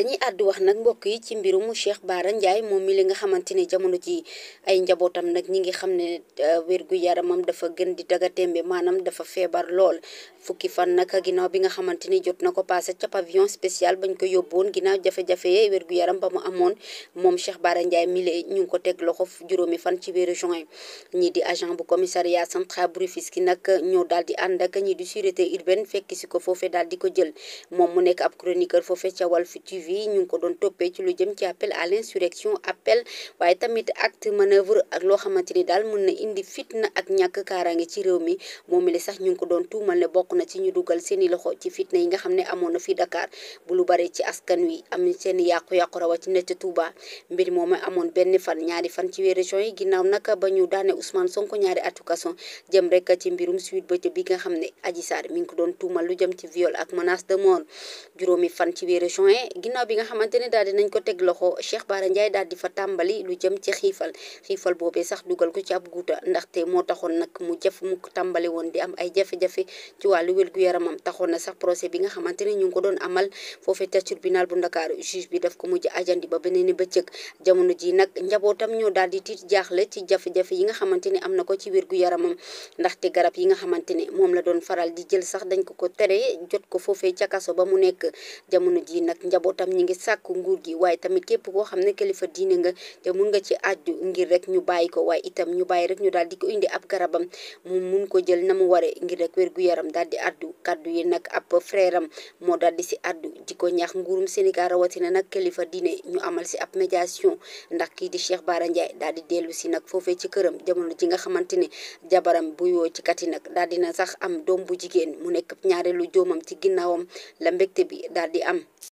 dañuy àddu wax nag mbokk yi ci mbirum Cheikh Bara Ndiaye moom mi li nga xamante ne jamono ji ay njabootam nag ñi ngi xam ne euh, wérgu yaramam dafa gën di daga tembe maanaam dafa feebar lool fukki fan nag ginnaaw bi nga xamante ni jot na ko passé ca pavillon spécial bañ ko yóbboon ginnaaw jafe-jafe wérgu yaram ba mu amoon moom Cheikh Bara Ndiaye mi la ñu ngi ko teg loxo juróomi fan ci weeru juin ñii di agent bu commissariat central bu Rufisque nag ñoo daal di ànd ak ñii di sûreté urbaine fekk si ko foofee daal di ko jël moom mu nekk ab chroniqueur foofee yi ñu ngi ko doon toppee ci lu jëm ci appel à l'insurrection appel waaye tamit acte manœuvre ak loo xamante ni daal mën na indi fitna ak ñàkk kaaraange ci réew mi moom mi li sax ñu ngi ko doon tuumal ne bokk na ci ñu dugal seeni loxo ci fitna yi nga xam ne amoon na fi Dakar bu lu bare ci askan wi am seen yàqu-yàqu rawatina ca Touba mbir moom amoon benn fan ñaari fan ci weeru juin yi ginnaaw naka ba ñu daane Ousmane Sonko ñaari atu jëm rek ci mbirum suite ba bi nga xam ne Adji Sarr mi ngi ko doon tuumal lu jëm ci viol ak menace de mort juróomi fan ci weeru juin gannaaw bi nga xamante ne daal di nañ ko teg loxo Cheikh Bara Ndiaye daal di fa tàmbali lu jëm ci xiifal xiifal boobee sax dugal ko ci ab guuta ndaxte moo taxoon nag mu jëf mu tàmbali woon di am ay jafe-jafe ci wàllu wérgu yaramam taxoon na sax procès bi nga xamante ne ñu ngi ko doon amal foofee ca tribunal bu Ndakaaru juge bi daf ko mujj ajandi ba beneen bëccëg jamono ji nag njabootam ñoo daal di tiit jaaxle ci jafe yi nga xamante ne am na ko ci wérgu yaramam ndaxte garab yi nga xamante ne moom la doon faral di jël sax dañ ko ko tere jot ko foofee ca kaso ba mu nekk jamono ji nag njabootam itam ngi sàkk nguur gi waaye tamit képp koo xam ne kilifa diine nga te mun nga ci àddu ngir rek ñu bàyyi ko waaye itam ñu bàyyi rek ñu daal di ko indi ab garabam mu mun ko jël na mu waree ngir rek wér yaram daal di àddu kàddu yi nag ab frère moo daal di si àddu di ko ñax nguurum Sénégal rawatina nag kilifa diine ñu amal si ab médiation ndax kii di Cheikh Bara Ndiaye daal di dellu si nag foofee ci këram jamono ji nga xamante ne jabaram bu yoo ci kati nag daal dina sax am doom bu jigéen mu nekk ñaareelu joomam ci ginnaawam la mbégte bi daal di am